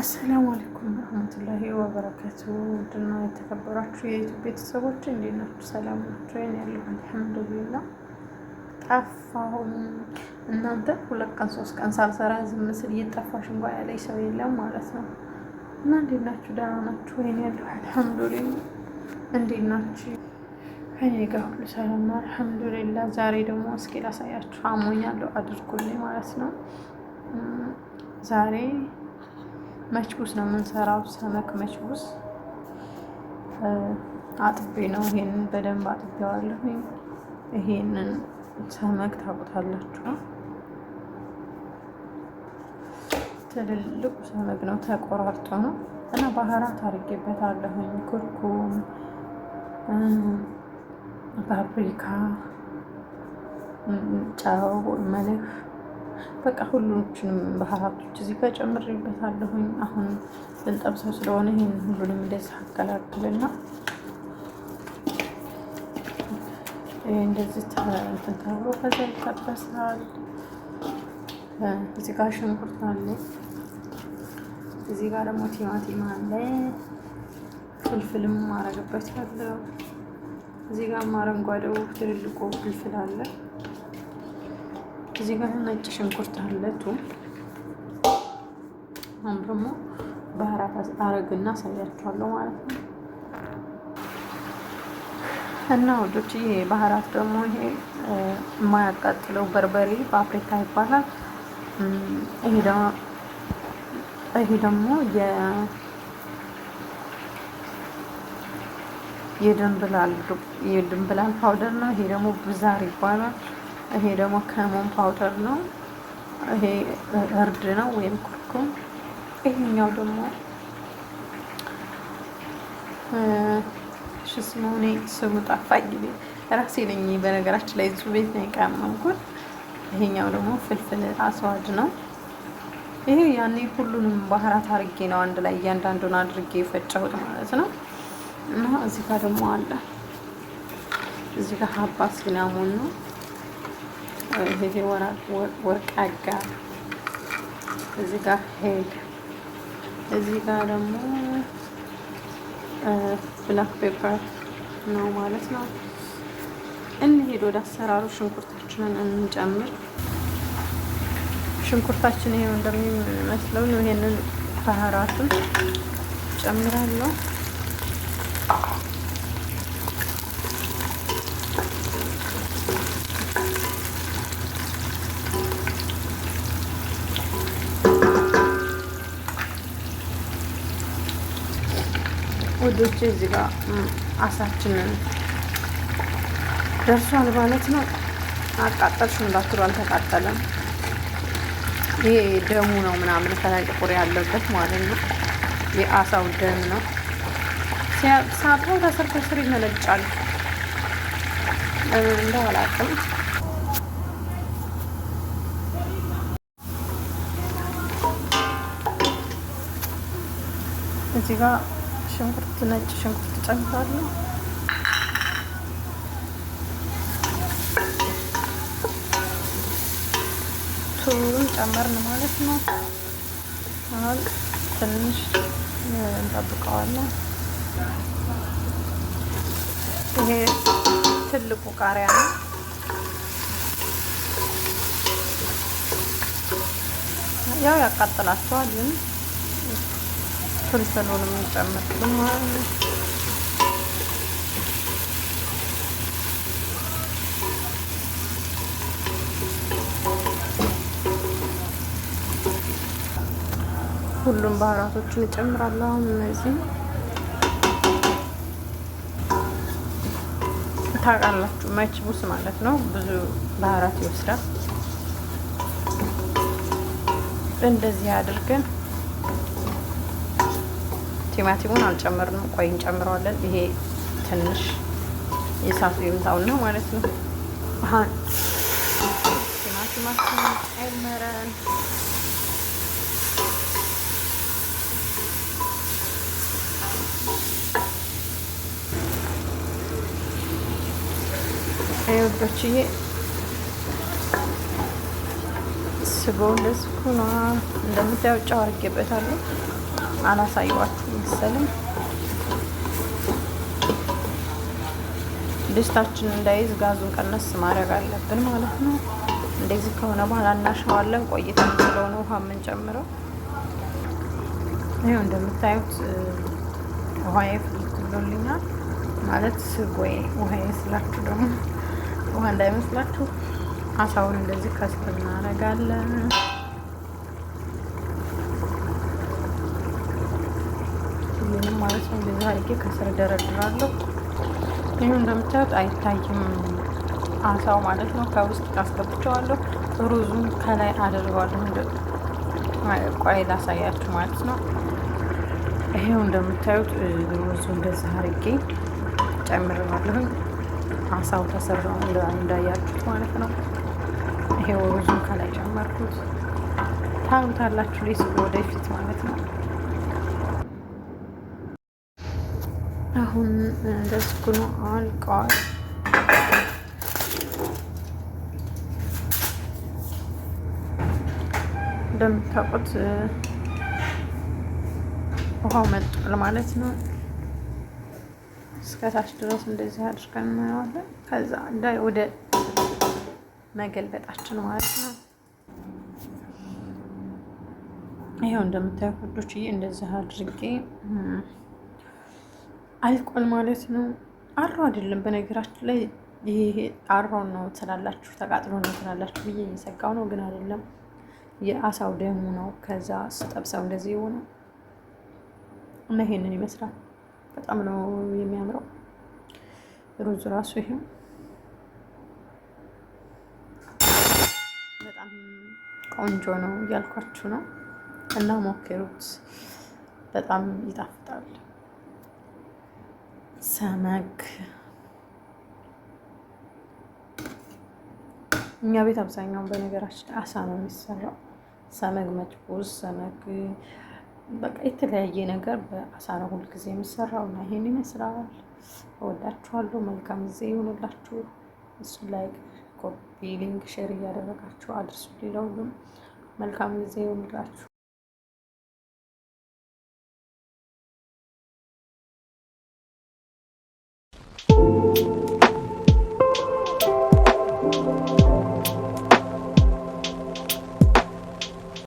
አሰላሙ አለይኩም ረህመቱላሂ ወበረካቱ። ድና የተከበራችሁ የዩቱብ ቤተሰቦች እንዴት ናችሁ? ሰላም ናቸው ወይን ያለሁ አልሐምዱሊላ። ጠፋሁም እናንተ ሁለት ቀን ሶስት ቀን ሳልሰራ ዝም ስል እየጠፋሽ እንኳ ያለኝ ሰው የለም ማለት ነው። እና እንዴት ናችሁ? ደህና ናችሁ? ወይን ያለሁ አልሐምዱሊላ። እንዴት ናችሁ? እኔ ጋ ሁሉ ሰላም ነው አልሐምዱሊላ። ዛሬ ደግሞ እስኪ ላሳያችሁ አሞኛለሁ አድርጉልኝ ማለት ነው ዛሬ መችቡስ ነው የምንሰራው። ሰመክ መችቡስ አጥቤ ነው። ይሄንን በደንብ አጥቤዋለሁ። ይሄንን ሰመክ ታውቁታላችሁ። ትልልቁ ሰመግ ነው ተቆራርጦ ነው እና ባህራት አድርጌበታለሁኝ። ኩርኩም፣ ፓፕሪካ፣ ጨው፣ መልህ በቃ ሁሉችንም ባህራቶች እዚህ ጋር ጨምሬበታለሁኝ። አሁን ልንጠብሰው ስለሆነ ይህን ሁሉንም እንደዚህ አቀላቅልና እንደዚህ እንትን ተብሎ ይጠበሳል። እዚህ ጋር ሽንኩርት አለ፣ እዚህ ጋር ደግሞ ቲማቲም አለ፣ ፍልፍልም ማረግበት ያለው እዚህ ጋር አረንጓዴው ትልልቆ ፍልፍል አለ። እዚህ ጋር ነጭ ሽንኩርት አለ ቱም አሁን ደግሞ ባህራት አረግና አሳያችኋለሁ ማለት ነው። እና ወዶች ይሄ ባህራት ደግሞ ይሄ የማያቃጥለው በርበሬ ፓፕሪካ ይባላል። ይሄ ደግሞ የድንብላል ፓውደር ነው። ይሄ ደግሞ ብዛር ይባላል። ይሄ ደግሞ ከሞን ፓውደር ነው። ይሄ እርድ ነው ወይም ኩርኩም። ይሄኛው ደግሞ ሽስሙኔ ስሙ ጣፋ ጊዜ ራሴ ነኝ። በነገራችን ላይ እሱ ቤት ነው የቀመምኩት። ይሄኛው ደግሞ ፍልፍል አስዋድ ነው። ይሄ ያኔ ሁሉንም ባህራት አድርጌ ነው አንድ ላይ እያንዳንዱን አድርጌ የፈጨሁት ማለት ነው። እና እዚህ ጋር ደግሞ አለ እዚህ ጋር ሀባ ሲናሙን ነው ይሄ ወርቃጋ እዚህ ጋር ሄድ እዚህ ጋር ደግሞ ብላክ ፔፐር ነው ማለት ነው። እንሄድ ወደ አሰራሩ ሽንኩርታችንን እንጨምር። ሽንኩርታችን ይሄው እንደሚመስለው ነው። ይሄንን ባህራቱን ጨምራለሁ። ውዶች እዚህ ጋር አሳችንን ደርሷል ማለት ነው። አቃጠልሽ እንዳትሉ አልተቃጠለም። ይሄ ደሙ ነው ምናምን ጥቁር ያለበት ማለት ነው። የአሳው ደም ነው። ሲያጥበው ከስር ከስር ይመነጫል። እንደው አላውቅም። እዚህ ጋር ሽንኩርት፣ ነጭ ሽንኩርት ጨምራለሁ። ቱን ጨመርን ማለት ነው። አሁን ትንሽ እንጠብቀዋለን። ይሄ ትልቁ ቃሪያ ነው። ያው ያቃጥላቸዋል ግን ፍልፍሉንም እንጨምርልን ማለት ሁሉም ባህራቶችን እጨምራለሁ። አሁን እነዚህ ታውቃላችሁ መችቡስ ማለት ነው። ብዙ ባህራት ይወስዳል። እንደዚህ አድርገን ቲማቲሙን አልጨመርንም። ቆይ እንጨምረዋለን። ይሄ ትንሽ የእሳቱ ነው ማለት ነው። ቲማቲማችን ጨምረን ወዶችዬ እንደምታየው ጨው አድርጌበታለሁ። አላሳየዋችሁ መሰልም ድስታችን እንዳይዝ ጋዙን ቀነስ ማድረግ አለብን ማለት ነው። እንደዚህ ከሆነ በኋላ እናሸዋለን። ቆይተን ስለሆነ ውሃ የምንጨምረው ይኸው እንደምታዩት ውሃዬ ፍልት ማለት ስጎዬ ውሃ ይመስላችሁ፣ ደግሞ ውሃ እንዳይመስላችሁ አሳውን እንደዚህ ከስር እናደርጋለን። ማለት ነው። እንደዚህ አድርጌ ከስር ደረድራለሁ። ይህ እንደምታዩት አይታይም አሳው ማለት ነው። ከውስጥ ታስገብቸዋለሁ። ሩዙን ከላይ አደርገዋለሁ። ቆይ ላሳያችሁ ማለት ነው። ይሄው እንደምታዩት ሩዙ እንደዚህ አድርጌ ጨምረዋለሁ። አሳው ተሰራው እንዳያችሁት ማለት ነው። ይሄው ሩዙን ከላይ ጨመርኩት። ታዩታላችሁ ወደፊት ማለት ነው። አሁን እንደዚህ አልቀዋል። እንደምታውቁት ውሃው መጥቷል ማለት ነው። እስከ ታች ድረስ እንደዚህ አድርገን እናየዋለን። ከዛ ወደ መገልበጣችን ማለት ነው። ይኸው እንደምታዩት ውዶችዬ እንደዚህ አድርጌ አልቋል ማለት ነው። አሮ አይደለም በነገራችን ላይ ይሄ አሮ ነው ትላላችሁ፣ ተቃጥሎ ነው ትላላችሁ ብዬ የሚሰጋው ነው፣ ግን አይደለም የአሳው ደሙ ነው። ከዛ ስጠብሰው እንደዚህ የሆነ እና ይሄንን ይመስላል። በጣም ነው የሚያምረው ሩዝ ራሱ ይሄው በጣም ቆንጆ ነው እያልኳችሁ ነው። እና ሞክሩት፣ በጣም ይጣፍጣል። ሰመግ እኛ ቤት አብዛኛውን በነገራችን አሳ ነው የሚሰራው። ሰመግ መጭቡስ፣ ሰመግ በቃ የተለያየ ነገር በአሳ ነው ሁል ጊዜ የሚሰራው እና ይሄን ይመስላል። እወዳችኋለሁ። መልካም ጊዜ ይሁንላችሁ። እሱ ላይክ፣ ኮፒ፣ ሊንክ፣ ሼር እያደረጋችሁ አድርሱ። ሌላውም መልካም ጊዜ ይሁንላችሁ።